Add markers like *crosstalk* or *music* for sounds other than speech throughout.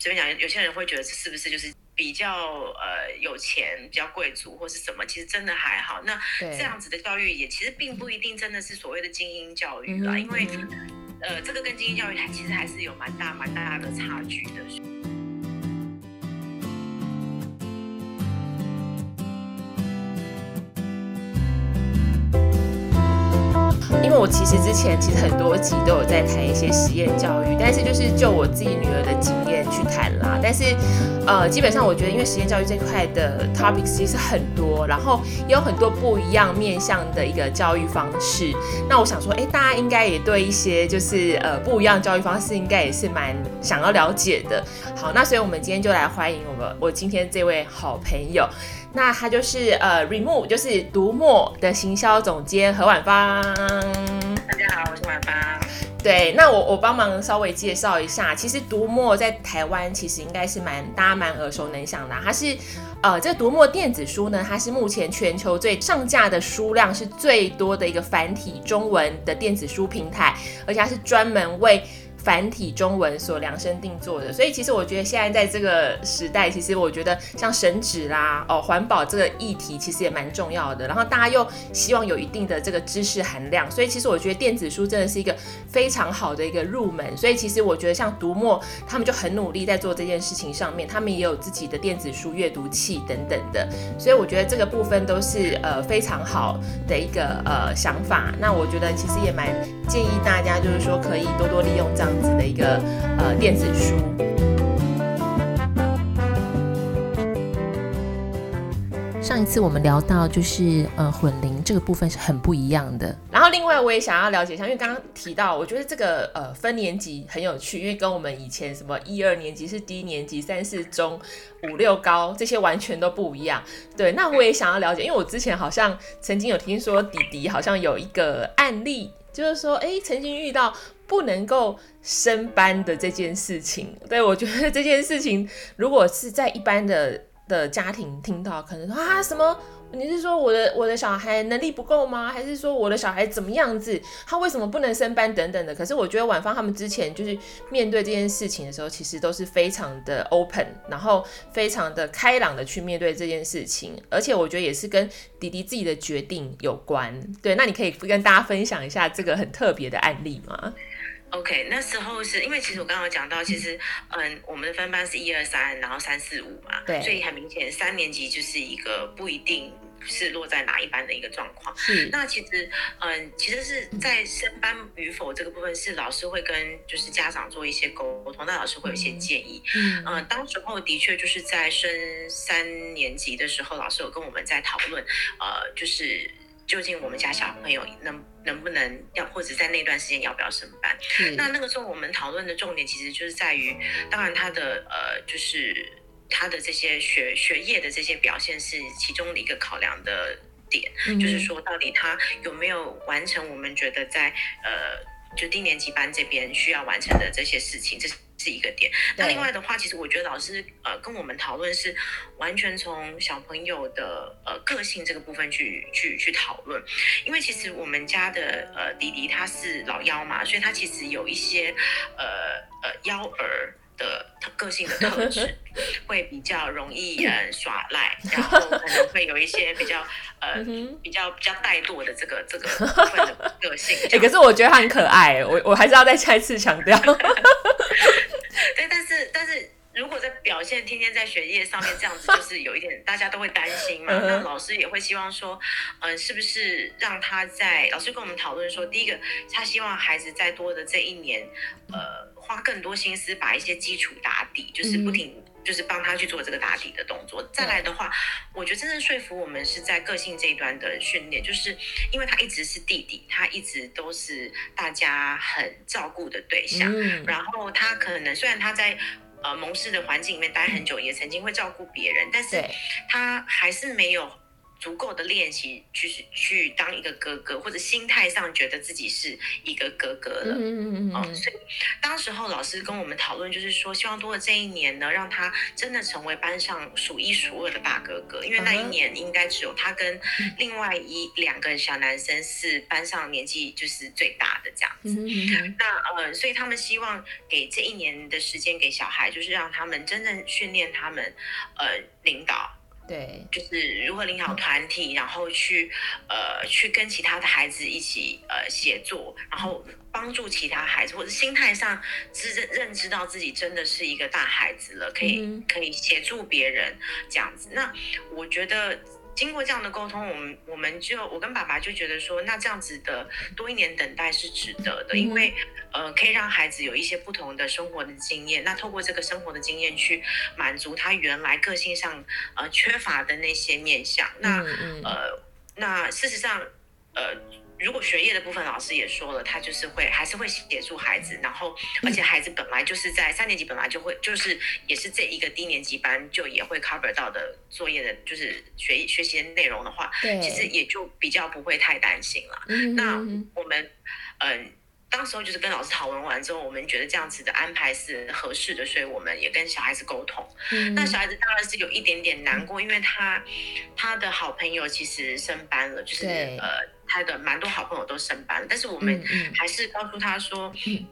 隨便講，有些人會覺得這是不是就是比較呃有錢、比較貴族或是什麼？其實真的還好。那這樣子的教育也其實並不一定真的是所謂的精英教育啊，因為呃，這個跟精英教育還其實還是有蠻大蠻大的差距的。我其實之前其實很多集都有在談一些實驗教育，但是就是就我自己女兒的經驗去談啦。但是呃，基本上我覺得因為實驗教育這塊的 topics 其實很多，然後也有很多不一樣面向的一個教育方式。那我想說，哎，大家應該也對一些就是呃不一樣的教育方式應該也是蠻想要了解的。好，那所以我們今天就來歡迎我們，我今天這位好朋友，那他就是呃 Readmoo 就是讀墨的行銷總監何宛芳。對，那我我幫忙稍微介紹一下。其實讀墨在台灣其實應該是蠻大家蠻耳熟能詳的。它是呃，這讀墨電子書呢，它是目前全球最上架的書量是最多的一個繁體中文的電子書平台，而且它是專門為。繁體中文所量身定做的，所以其實我覺得現在在這個時代，其實我覺得像省紙啦，哦，環保這個議題其實也蠻重要的。然後大家又希望有一定的這個知識含量，所以其實我覺得電子書真的是一個非常好的一個入門。所以其實我覺得像讀墨，他們就很努力在做這件事情上面，他們也有自己的電子書閱讀器等等的。所以我覺得這個部分都是呃非常好的一個呃想法。那我覺得其實也蠻建議大家，就是說可以多多利用這樣樣子的一個呃電子書。上一次我們聊到就是呃混齡這個部分是很不一樣的。然後另外我也想要了解一下，因為剛剛提到，我覺得這個呃分年級很有趣，因為跟我們以前什麼一二年級是低年級，三四中五六高這些完全都不一樣。對，那我也想要了解，因為我之前好像曾經有聽說弟弟好像有一個案例。就是說，哎、欸，曾經遇到不能夠升班的這件事情，對，我覺得這件事情，如果是在一般的的家庭聽到，可能說啊什麼。你是說我的我的小孩能力不夠嗎？還是說我的小孩怎麼樣子？他為什麼不能升班等等的？可是我覺得宛芳他們之前就是面對這件事情的時候，其實都是非常的 open，然後非常的開朗的去面對這件事情。而且我覺得也是跟弟弟自己的決定有關。對，那你可以跟大家分享一下這個很特別的案例嗎？OK，那時候是因為其實我剛剛有講到，其實嗯，我們的分班是一二三，然後三四五嘛，對，所以很明顯三年級就是一個不一定是落在哪一班的一個狀況。嗯是，那其實嗯，其實是在升班與否這個部分，是老師會跟就是家長做一些溝通，那老師會有一些建議。嗯，嗯、呃，當時候的確就是在升三年級的時候，老師有跟我們在討論，呃，就是究竟我們家小朋友能不。能不能要或者在那段時間要不要升班？是那那個時候我們討論的重點其實就是在於，當然他的呃，就是他的這些學學業的這些表現是其中的一個考量的點，嗯、哼就是說到底他有沒有完成我們覺得在呃就低年級班這邊需要完成的這些事情。這是是一個點。那另外的話，對其實我覺得老師呃跟我們討論是完全從小朋友的呃個性這個部分去去去討論，因為其實我們家的呃弟弟他是老幺嘛，所以他其實有一些呃呃幺兒。的他個性的特質會比較容易嗯耍賴， *laughs* 然後我們會有一些比較呃、mm hmm. 比較比較怠惰的這個這個的個性。哎、欸，可是我覺得他很可愛，我 *laughs* 我還是要再再次強調。 *laughs* 對，但是但是如果在表現天天在學業上面這樣子，就是有一點 *laughs* 大家都會擔心嘛。Uh huh. 那老師也會希望說，嗯、呃，是不是讓他在老師跟我們討論說，第一個他希望孩子再多的這一年，呃。花更多心思把一些基礎打底，就是不停，嗯、就是幫他去做這個打底的動作。再來的話，嗯、我覺得真正說服我們是在個性這一段的訓練，就是因為他一直是弟弟，他一直都是大家很照顧的對象。嗯、然後他可能雖然他在呃蒙氏的環境裡面待很久，也曾經會照顧別人，但是他還是沒有。足夠的練習去，去去當一個哥哥，或者心態上覺得自己是一個哥哥了。嗯嗯、mm hmm. 嗯。所以當時候老師跟我們討論，就是說，希望多的這一年呢，讓他真的成為班上數一數二的大哥哥，因為那一年應該只有他跟另外一、mm hmm. 兩個小男生是班上年紀就是最大的這樣子。嗯、mm hmm. 那呃，所以他們希望給這一年的時間給小孩，就是讓他們真正訓練他們，呃，領導。對，就是如何領導團體，然後去，呃，去跟其他的孩子一起呃協作，然後幫助其他孩子，或者心態上知認知到自己真的是一個大孩子了，可以可以協助別人這樣子。那我覺得。經過這樣的溝通，我們我們就我跟爸爸就覺得說，那這樣子的多一年等待是值得的，因為呃，可以讓孩子有一些不同的生活的經驗。那透過這個生活的經驗去滿足他原來個性上呃缺乏的那些面向。那嗯嗯嗯呃，那事實上。呃，如果學業的部分，老師也說了，他就是會還是會協助孩子，然後，而且孩子本來就是在、嗯、三年級，本來就會就是也是這一個低年級班就也會 cover 到的作業的，就是學學習的內容的話，對其實也就比較不會太擔心了。嗯、哼哼那我們嗯、呃，當時候就是跟老師討論完之後，我們覺得這樣子的安排是合適的，所以我們也跟小孩子溝通。嗯、哼那小孩子當然是有一點點難過，因為他他的好朋友其實升班了，就是呃。他的蠻多好朋友都升班，但是我們還是告訴他說，嗯嗯、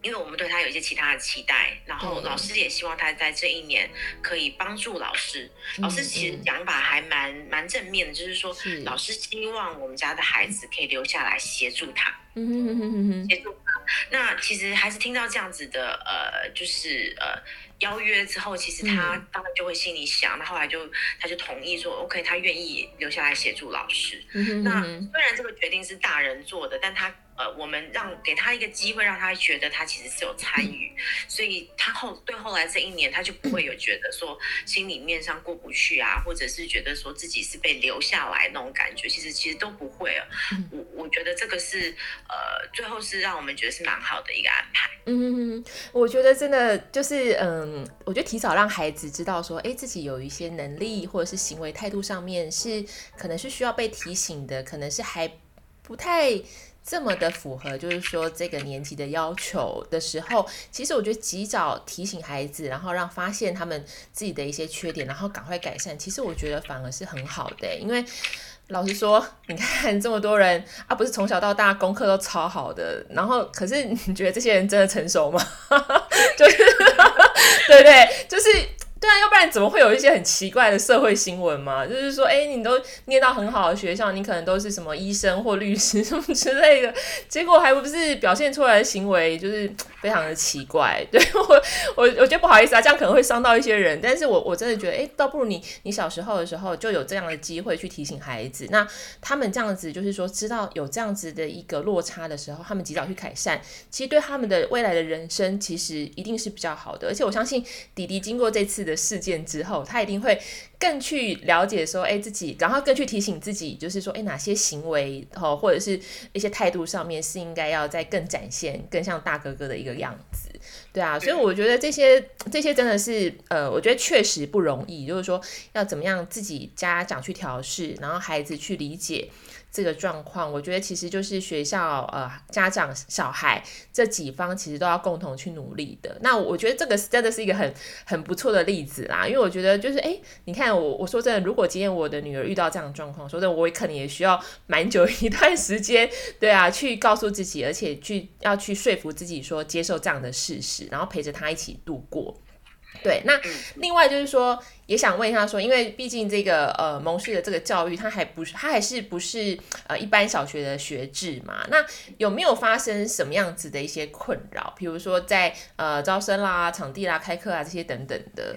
因為我們對他有一些其他的期待，然後老師也希望他在這一年可以幫助老師。嗯、老師其實講法還蠻蠻正面的，就是說老師希望我們家的孩子可以留下來協助他，協、嗯嗯、助。那其實還是聽到這樣子的，呃，就是呃，邀約之後，其實他當然就會心裡想，那後來就他就同意說，OK，他願意留下來協助老師。嗯哼嗯哼，那雖然這個決定是大人做的，但他。呃，我們讓給他一個機會，讓他覺得他其實是有參與，所以他後對後來這一年，他就不會有覺得說心裡面上過不去啊，或者是覺得說自己是被留下來的那種感覺。其實其實都不會。我我覺得這個是呃，最後是讓我們覺得是蠻好的一個安排。嗯哼哼，我覺得真的就是嗯，我覺得提早讓孩子知道說，哎、欸，自己有一些能力，或者是行為態度上面是可能是需要被提醒的，可能是還不太。這麼的符合，就是說這個年級的要求的時候，其實我覺得及早提醒孩子，然後讓發現他們自己的一些缺點，然後趕快改善，其實我覺得反而是很好的。因為老實說，你看這麼多人啊，不是從小到大功課都超好的，然後可是你覺得這些人真的成熟嗎？ *laughs* 就是 *laughs* 對不對，就是。對啊，要不然怎麼會有一些很奇怪的社會新聞嘛？就是說，哎，你都念到很好的學校，你可能都是什麼醫生或律師什麼之類的，結果還不是表現出來的行為就是非常的奇怪。對，我我我覺得不好意思啊，這樣可能會傷到一些人。但是我我真的覺得，哎，倒不如你你小時候的時候就有這樣的機會去提醒孩子，那他們這樣子就是說知道有這樣子的一個落差的時候，他們及早去改善，其實對他們的未來的人生其實一定是比較好的。而且我相信弟弟經過這次。的事件之後，他一定會更去了解說，欸，自己，然後更去提醒自己，就是說，欸，哪些行為吼，或者是一些態度上面是應該要再更展現，更像大哥哥的一個樣子，對啊，對，所以我覺得這些這些真的是，呃，我覺得確實不容易，就是說要怎麼樣自己家長去調適，然後孩子去理解這個狀況，我覺得其實就是學校、呃，家長、小孩這幾方其實都要共同去努力的。那我覺得這個真的是一個很很不錯的例子啦，因為我覺得就是哎，你看我我說真的，如果今天我的女兒遇到這樣的狀況，說真的，我也可能也需要蠻久一段時間，對啊，去告訴自己，而且去要去說服自己說，接受這樣的事實，然後陪着她一起度過。對，那另外就是說，也想問一下說，因為畢竟這個呃蒙氏的這個教育，它還不是，它還是不是呃一般小學的學制嘛？那有沒有發生什麼樣子的一些困擾？比如說在呃招生啦、場地啦、開課啊這些等等的。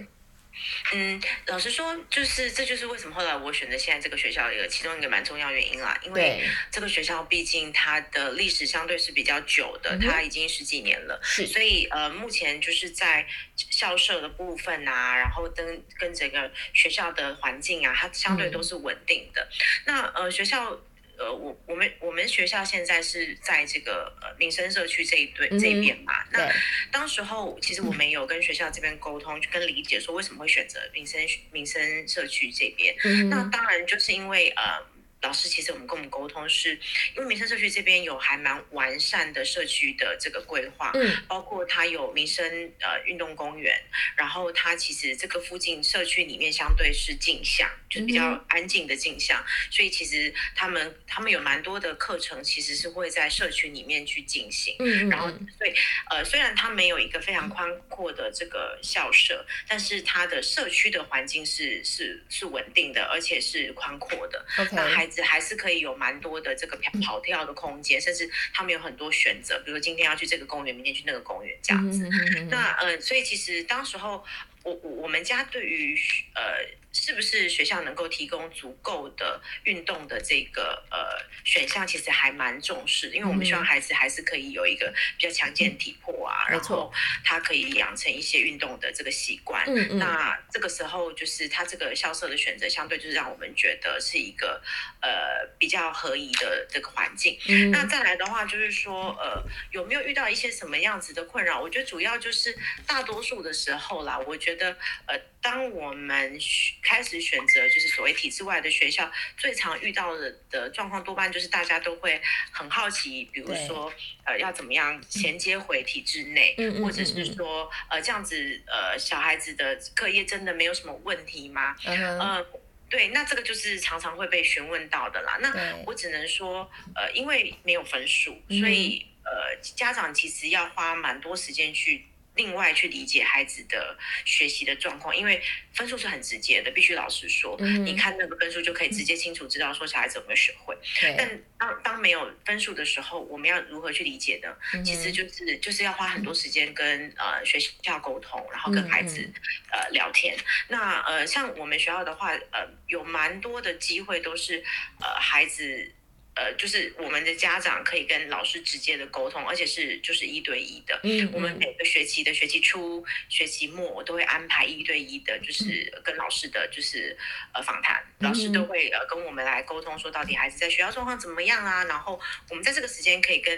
嗯，老實說，就是這就是為什麼後來我選擇現在這個學校一個其中一個蠻重要的原因啦，因為這個學校畢竟它的歷史相對是比較久的，嗯、它已經十幾年了，是，所以呃目前就是在校舍的部分啊，然後跟跟整個學校的環境啊，它相對都是穩定的。嗯、那呃學校。呃，我我們我們學校現在是在這個呃民生社區這一對這邊嘛。Mm hmm. 那當時候其實我們有跟學校這邊溝通、mm hmm. 跟理解，說為什麼會選擇民生民生社區這邊。Mm hmm. 那當然就是因為呃。老師，其實我們跟我們溝通是因為民生社區這邊有還蠻完善的社區的這個規劃，嗯，包括它有民生呃運動公園，然後它其實這個附近社區裡面相對是靜巷，就是比較安靜的靜巷。所以其實他們他們有蠻多的課程其實是會在社區裡面去進行，嗯，然後對，呃雖然它沒有一個非常寬闊的這個校舍，但是它的社區的環境是是是，是穩定的，而且是寬闊的，那還。還是可以有蠻多的這個跑跳的空間，甚至他們有很多選擇，比如說今天要去這個公園，明天去那個公園這樣子。嗯、哼哼哼那呃，所以其實當時候，我我我們家對於呃。是不是學校能夠提供足夠的運動的這個呃選項，其實還蠻重視，因為我們希望孩子還是可以有一個比較強健體魄啊，沒錯。然後他可以養成一些運動的這個習慣。嗯嗯。那這個時候就是他這個校舍的選擇，相對就是讓我們覺得是一個呃比較合宜的這個環境。嗯。那再來的話，就是說呃有沒有遇到一些什麼樣子的困擾？我覺得主要就是大多數的時候啦，我覺得呃。當我們開始選擇就是所謂體制外的學校，最常遇到的的狀況，多半就是大家都會很好奇，比如說，對呃，要怎麼樣銜接回體制內，嗯嗯嗯嗯或者是說，呃，這樣子，呃，小孩子的課業真的沒有什麼問題嗎？Uh huh. 呃、對，那這個就是常常會被詢問到的啦。那對我只能說，呃，因為沒有分數，嗯嗯所以呃，家長其實要花蠻多時間去。另外去理解孩子的學習的狀況，因為分數是很直接的。必須老實說，嗯、你看那個分數就可以直接清楚知道說小孩子有沒有學會。對但當當沒有分數的時候，我們要如何去理解呢？嗯、其實就是就是要花很多時間跟、嗯、呃學校溝通，然後跟孩子、嗯、呃聊天。那呃像我們學校的話，呃有蠻多的機會都是呃孩子。呃，就是我們的家長可以跟老師直接的溝通，而且是就是一對一的。嗯，嗯，我們每個學期的學期初、學期末，我都會安排一對一的，就是跟老師的，就是呃訪談。老師都會呃跟我們來溝通，說到底孩子在學校狀況怎麼樣啊？然後我們在這個時間可以跟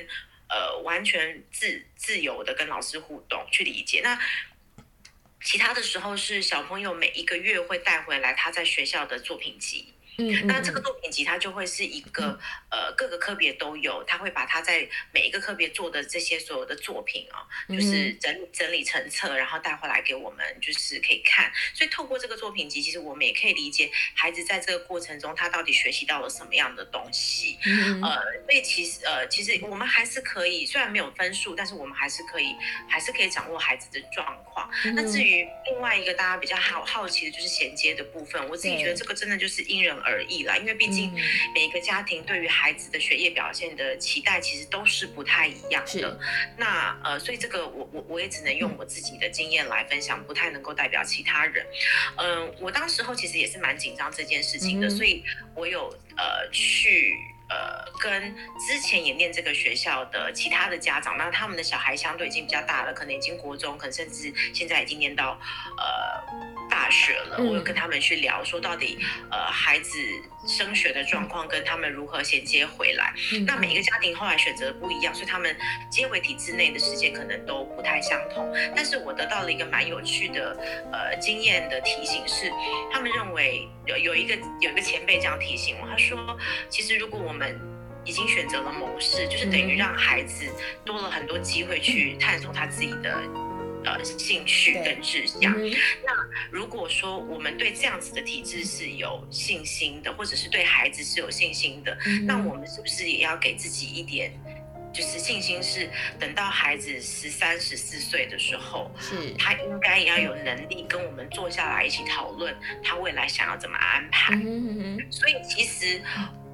呃完全自自由的跟老師互動，去理解。那其他的時候是小朋友每一個月會帶回來他在學校的作品集。嗯，那 *noise* 這個作品集它就會是一個呃各個科別都有，他會把他在每一個科別做的這些所有的作品啊，哦，就是整理整理成冊，然後帶回來給我們，就是可以看。所以透過這個作品集，其實我們也可以理解孩子在這個過程中他到底學習到了什麼樣的東西。 *noise* 呃，所以其實呃其實我們還是可以，雖然沒有分數，但是我們還是可以還是可以掌握孩子的狀況。 *noise* 那至於另外一個大家比較好好奇的就是銜接的部分，我自己覺得這個真的就是因人。而已啦，因為畢竟每個家庭對於孩子的學業表現的期待其實都是不太一樣的。是那呃，所以這個我我我也只能用我自己的經驗來分享，不太能夠代表其他人。嗯、呃，我當時候其實也是蠻緊張這件事情的，嗯、所以我有呃去呃跟之前也念這個學校的其他的家長，那他們的小孩相對已經比較大了，可能已經國中，可能甚至現在已經念到呃。大學了，我又跟他們去聊，說到底，呃，孩子升學的狀況跟他們如何銜接回來。那每一個家庭後來選擇不一樣，所以他們接回體制內的時間可能都不太相同。但是我得到了一個蠻有趣的，呃，經驗的提醒是，他們認為有有一個有一個前輩這樣提醒我，他說，其實如果我們已經選擇了蒙氏，就是等於讓孩子多了很多機會去探索他自己的。呃，興趣跟志向。嗯嗯，那如果說我們對這樣子的體制是有信心的，或者是對孩子是有信心的，嗯嗯，那我們是不是也要給自己一點，就是信心？是等到孩子十三、十四歲的時候，是，他應該也要有能力跟我們坐下來一起討論他未來想要怎麼安排。嗯嗯嗯嗯，所以其實，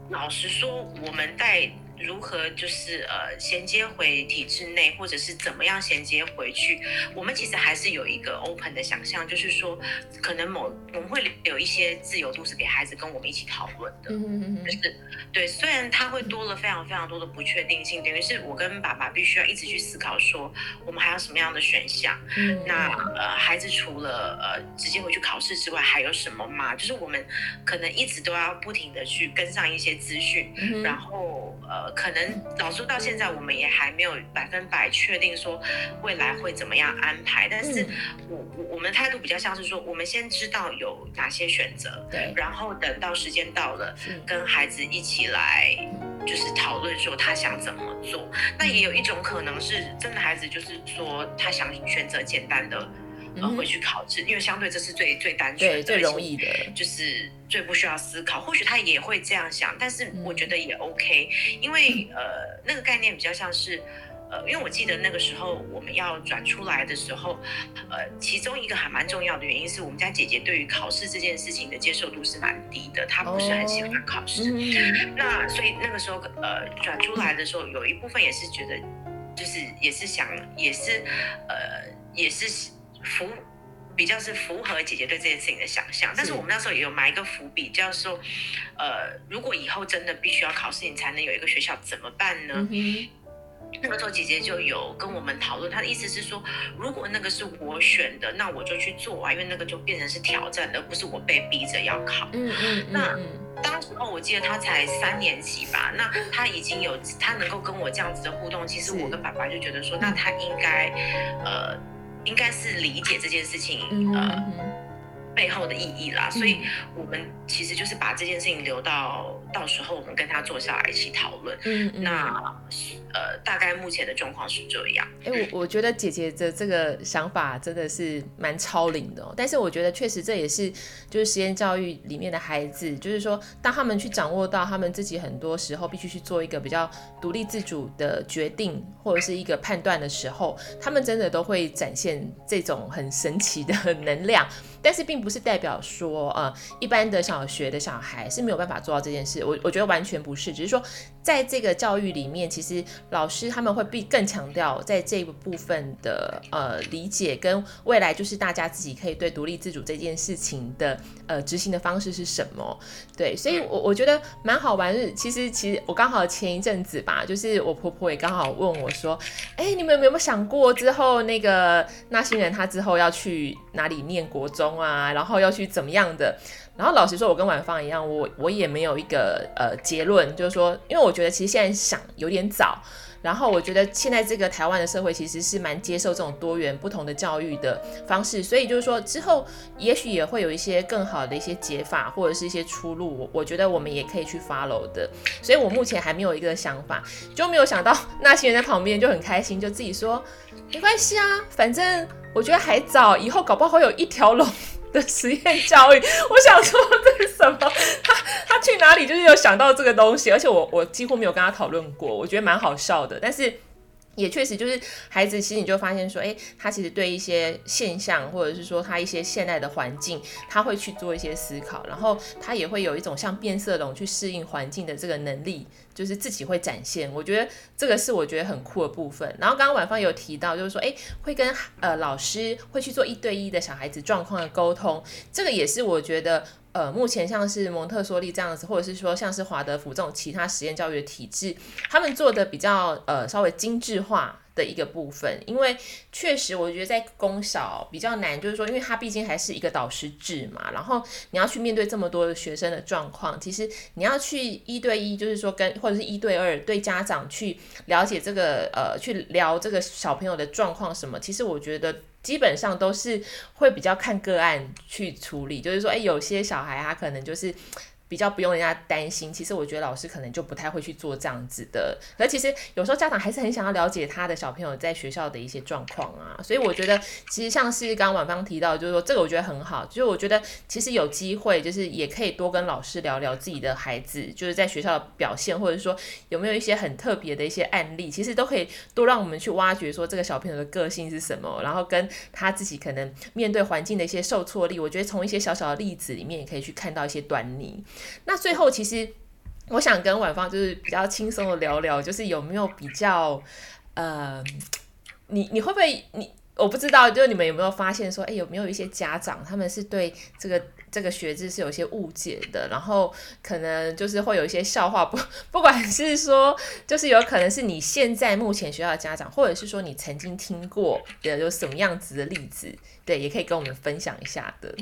老實說，我們在。如何就是呃銜接回體制內，或者是怎麼樣銜接回去？我們其實還是有一個 open 的想象，就是說可能某我們會留有一些自由度是給孩子跟我們一起討論的，mm hmm. 就是對，雖然他會多了非常非常多的不確定性，等於是我跟爸爸必須要一直去思考說我們還要什麼樣的選項。Mm hmm. 那呃，孩子除了呃直接回去考試之外，還有什麼嗎？就是我們可能一直都要不停的去跟上一些資訊，mm hmm. 然後呃。可能老實說到現在，我們也還沒有百分百確定說未來會怎麼樣安排。但是我，我我我們的態度比較像是說，我們先知道有哪些選擇，對然後等到時間到了，是跟孩子一起來就是討論說他想怎麼做。那也有一種可能是，真的孩子就是說他想選擇簡單的。呃，回去考試，因為相對這是最最單純、最容易的，就是最不需要思考。或許他也會這樣想，但是我覺得也 OK，嗯，因為呃，那個概念比較像是呃，因為我記得那個時候我們要轉出來的時候，呃，其中一個還蠻重要的原因是我們家姐姐對於考試這件事情的接受度是蠻低的，哦，她不是很喜歡考試。嗯，那所以那個時候呃，轉出來的時候，有一部分也是覺得，就是也是想，也是呃，也是。符比較是符合姐姐對這件事情的想象，但是我們那時候也有埋一個伏筆，叫做，呃，如果以後真的必須要考試你才能有一個學校，怎麼辦呢？Mm hmm. 那個時候姐姐就有跟我們討論，她的意思是說，如果那個是我選的，那我就去做啊，因為那個就變成是挑戰的，而不是我被逼着要考。嗯嗯嗯。Hmm. 那當時候我記得她才三年級吧，那她已經有她能夠跟我這樣子的互動，其實我跟爸爸就覺得說，mm hmm. 那她應該，呃。應該是理解這件事情，啊背後的意義啦，所以我們其實就是把這件事情留到，嗯，到時候我們跟他坐下來一起討論。嗯，嗯。那呃，大概目前的狀況是這樣。哎，欸，我我覺得姐姐的這個想法真的是蠻超齡的喔，但是我覺得確實這也是就是實驗教育裡面的孩子，就是說當他們去掌握到他們自己很多時候必須去做一個比較獨立自主的決定或者是一個判斷的時候，他們真的都會展現這種很神奇的能量。但是並不是代表說，呃，一般的小學的小孩是沒有辦法做到這件事。我我覺得完全不是，只是說。在這個教育裡面，其實老師他們會必更強調在這個部分的呃理解跟未來，就是大家自己可以對獨立自主這件事情的呃執行的方式是什麼？對，所以我我覺得蠻好玩。其實其實我剛好前一陣子吧，就是我婆婆也剛好問我說，哎、欸，你們有沒有想過之後那個那些人他之後要去哪裡念國中啊？然後要去怎麼樣的？然後老實說，我跟宛芳一樣，我我也沒有一個呃結論，就是說，因為我覺得其實現在想有點早。然後我覺得現在這個台灣的社會其實是蠻接受這種多元不同的教育的方式，所以就是說之後也許也會有一些更好的一些解法或者是一些出路，我我覺得我們也可以去 follow 的。所以我目前還沒有一個想法，就沒有想到那些人在旁邊就很開心，就自己說沒關係啊，反正我覺得還早，以後搞不好會有一條龍。的實驗教育，我想說這是什麼？他他去哪裡就是有想到這個東西，而且我我幾乎沒有跟他討論過，我覺得蠻好笑的。但是也確實就是孩子，其實你就發現說，誒、欸，他其實對一些現象，或者是說他一些現代的環境，他會去做一些思考，然後他也會有一種像變色龍去適應環境的這個能力。就是自己會展現，我覺得這個是我覺得很酷的部分。然後剛剛宛芳有提到，就是說，哎，會跟呃老師會去做一對一的小孩子狀況的溝通，這個也是我覺得呃目前像是蒙特梭利這樣子，或者是說像是華德福這種其他實驗教育的體制，他們做的比較呃稍微精緻化的一個部分，因為確實我覺得在公小比較難，就是說，因為他畢竟還是一個導師制嘛，然後你要去面對這麼多的學生的狀況，其實你要去一對一，就是說跟或者是一對二對家長去了解這個呃，去聊這個小朋友的狀況什麼，其實我覺得基本上都是會比較看個案去處理，就是說，誒，有些小孩他可能就是。比較不用人家擔心，其實我覺得老師可能就不太會去做這樣子的，可其實有時候家長還是很想要了解他的小朋友在學校的一些狀況啊，所以我覺得其實像是剛剛宛芳提到，就是說這個我覺得很好，就是我覺得其實有機會就是也可以多跟老師聊聊自己的孩子就是在學校的表現，或者說有沒有一些很特別的一些案例，其實都可以多讓我們去挖掘說這個小朋友的個性是什麼，然後跟他自己可能面對環境的一些受挫力，我覺得從一些小小的例子裡面也可以去看到一些端倪。那最後，其實我想跟宛芳就是比較輕鬆的聊聊，就是有沒有比較，呃，你你會不會你我不知道，就你們有沒有發現說，哎、欸，有沒有一些家長他們是對這個這個學制是有些誤解的，然後可能就是會有一些笑話，不不管是說就是有可能是你現在目前學校的家長，或者是說你曾經聽過的有什麼樣子的例子，對，也可以跟我們分享一下的。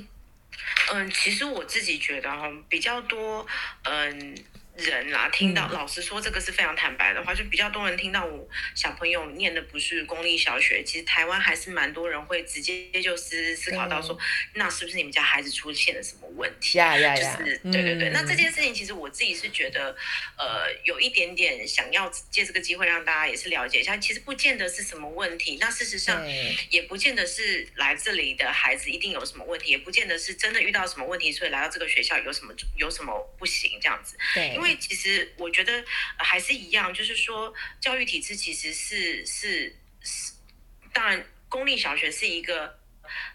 嗯，其實我自己覺得哈，比較多，嗯。人啊，聽到老實說，這個是非常坦白的話，嗯、就比較多人聽到我小朋友念的不是公立小學，其實台灣還是蠻多人會直接就思思考到說，嗯、那是不是你們家孩子出現了什麼問題？呀呀呀！就是嗯、對對對，那這件事情其實我自己是覺得，嗯、呃，有一點點想要借這個機會讓大家也是了解一下，其實不見得是什麼問題，那事實上、嗯、也不見得是來這裡的孩子一定有什麼問題，也不見得是真的遇到什麼問題所以來到這個學校有什麼有什麼不行這樣子，對、嗯，因為。所以其實我覺得還是一樣，就是說教育體制其實是是是，當然公立小學是一個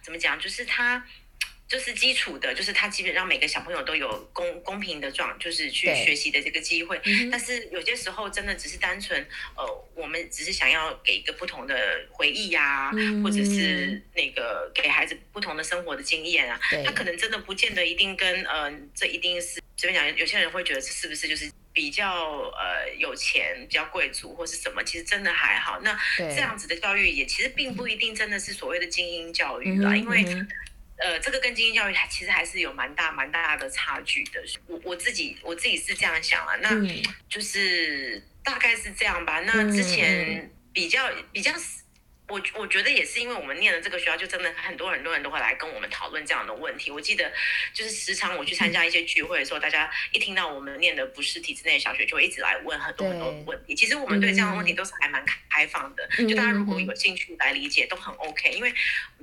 怎麼講，就是它。就是基礎的，就是他基本上每個小朋友都有公公平的狀，就是去學習的這個機會。嗯、但是有些時候真的只是單純，呃，我們只是想要給一個不同的回憶呀、啊，嗯、哼或者是那個給孩子不同的生活的經驗啊。對他可能真的不見得一定跟，嗯、呃，這一定是這邊講，有些人會覺得這是不是就是比較呃有錢、比較貴族或是什麼？其實真的還好。那這樣子的教育也對其實並不一定真的是所謂的精英教育啊，嗯嗯、因為。呃，這個跟精英教育還其實還是有蠻大蠻大的差距的。我我自己我自己是這樣想啊，那就是大概是這樣吧。那之前比較比較。我我覺得也是，因為我們念了這個學校，就真的很多很多人都會來跟我們討論這樣的問題。我記得就是時常我去參加一些聚會的時候，大家一聽到我們念的不是體制內的小學，就會一直來問很多很多問題。其實我們對這樣的問題都是還蠻開放的，就大家如果有興趣來理解，都很 OK。因為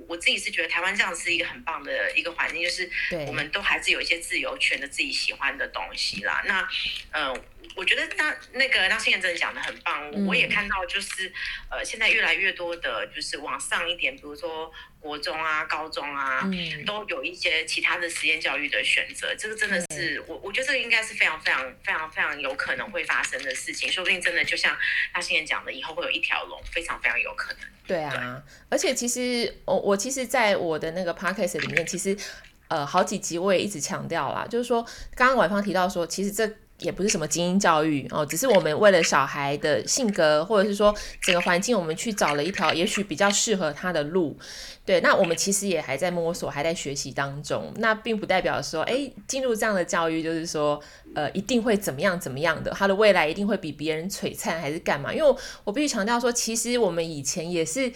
我自己是覺得台灣這樣是一個很棒的一個環境，就是我們都還是有一些自由權的自己喜歡的東西啦。那，嗯。我覺得大那個那新顏真的講的很棒，嗯、我也看到就是呃，現在越來越多的，就是往上一點，比如說國中啊、高中啊，嗯、都有一些其他的實驗教育的選擇。這個真的是對我，我覺得這個應該是非常非常非常非常有可能會發生的事情。嗯、說不定真的就像大新顏講的，以後會有一條龍，非常非常有可能。對啊，對而且其實我我其實在我的那個 podcast 裡面，其實呃，好幾集我也一直強調啦，就是說剛剛宛芳提到說，其實這。也不是什麼精英教育哦，只是我們為了小孩的性格，或者是說整個環境，我們去找了一條也許比較適合他的路。對，那我們其實也還在摸索，還在學習當中。那並不代表說，誒，進入這樣的教育就是說，呃，一定會怎麼樣怎麼樣的，他的未來一定會比別人璀璨還是幹嘛？因為我必須強調說，其實我們以前也是。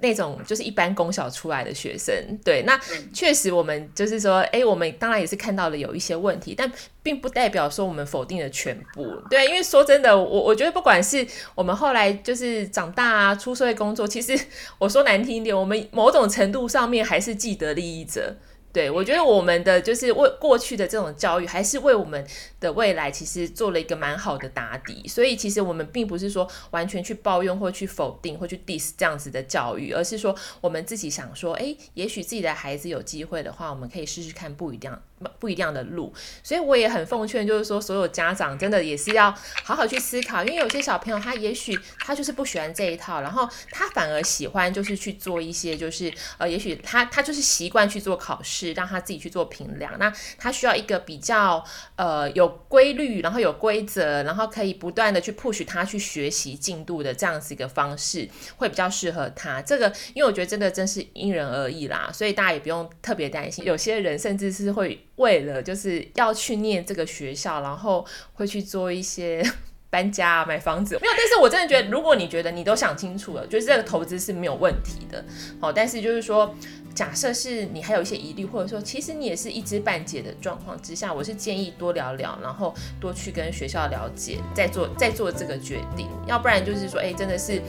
那種就是一般公校出來的學生，對，那確實我們就是說，哎、欸，我們當然也是看到了有一些問題，但並不代表說我們否定了全部，對，因為說真的，我我覺得，不管是我們後來就是長大啊，出社會工作，其實我說難聽一點，我們某種程度上面還是既得利益者。對，我覺得我們的就是為過去的這種教育，還是為我們的未來其實做了一個蠻好的打底。所以其實我們並不是說完全去抱怨或去否定或去 diss 這樣子的教育，而是說我們自己想說，哎，也許自己的孩子有機會的話，我們可以試試看不一樣不不一樣的路。所以我也很奉勸，就是說所有家長真的也是要好好去思考，因為有些小朋友他也許他就是不喜歡這一套，然後他反而喜歡就是去做一些就是呃，也許他他就是習慣去做考試。讓他自己去做評量，那他需要一個比較呃有規律，然後有規則，然後可以不斷的去 push 他去學習進度的這樣子一個方式，會比較適合他。這個，因為我覺得真的真是因人而異啦，所以大家也不用特別擔心。有些人甚至是會為了就是要去念這個學校，然後會去做一些搬家、買房子，沒有。但是我真的覺得，如果你覺得你都想清楚了，就是這個投資是沒有問題的，好，但是就是說。假設是你還有一些疑慮，或者說其實你也是一知半解的狀況之下，我是建議多聊聊，然後多去跟學校了解，再做再做這個決定，要不然就是說，欸，真的是。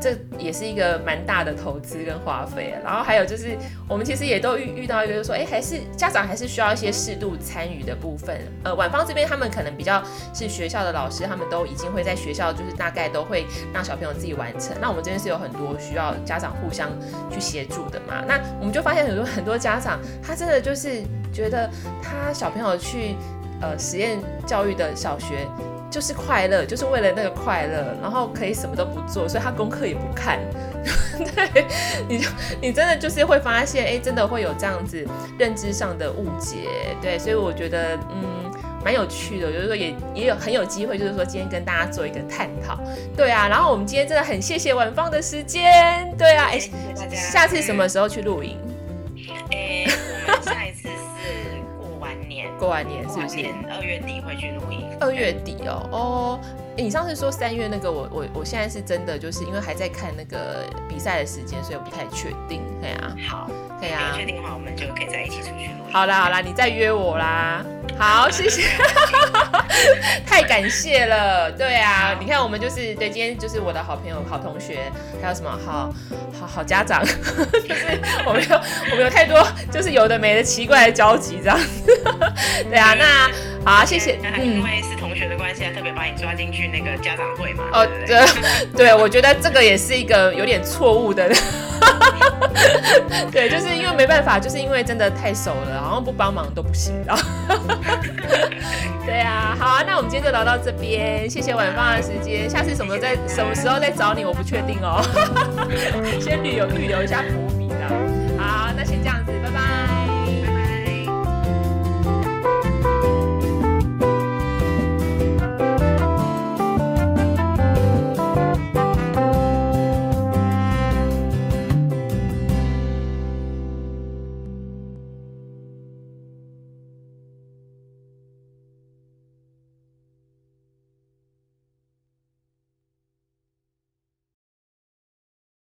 這也是一個蠻大的投資跟花費，然後還有就是我們其實也都遇遇到一個，就是說，誒、哎，還是家長還是需要一些適度參與的部分。呃，宛芳這邊他們可能比較是學校的老師，他們都已經會在學校，就是大概都會讓小朋友自己完成。那我們這邊是有很多需要家長互相去協助的嘛。那我們就發現很多很多家長，他真的就是覺得他小朋友去呃實驗教育的小學。就是快樂，就是為了那個快樂，然後可以什麼都不做，所以他功課也不看。對，你就你真的就是會發現，哎，真的會有這樣子認知上的誤解。對，所以我覺得，嗯，蠻有趣的，就是說也也有很有機會，就是說今天跟大家做一個探討。對啊，然後我們今天真的很謝謝宛芳的時間。對啊，哎，下次什麼時候去露營？過完年是不是？二月底會去錄音。二月底,二月底哦嘿哦、欸，你上次說三月那個我，我我我現在是真的，就是因為還在看那個比賽的時間，所以我不太確定。對啊，好，可以啊。確定的話，我們就可以在一起出去錄音。好啦好啦，你再約我啦。嗯好，謝謝， *laughs* 太感謝了。對啊，好你看我們就是對，今天就是我的好朋友、好同學，還有什麼好好好家長， *laughs* 就是我們有我們有太多就是有的沒的奇怪的交集這樣子。 *laughs* 對啊，那好，啊，天謝謝。因為、嗯、是同學的關係，特別把你抓進去那個家長會嘛。哦，對，對，對，對我覺得這個也是一個有點錯誤的。 *laughs* *laughs* *laughs* 對，就是因為沒辦法，就是因為真的太熟了，然後不幫忙都不行了。 *laughs* 對啊，好啊，那我們今天就聊到這邊，謝謝宛芳的時間，下次什麼再，什麼時候再找你，我不確定哦。 *laughs* 先旅遊預留一下伏筆啦。好，那先這樣。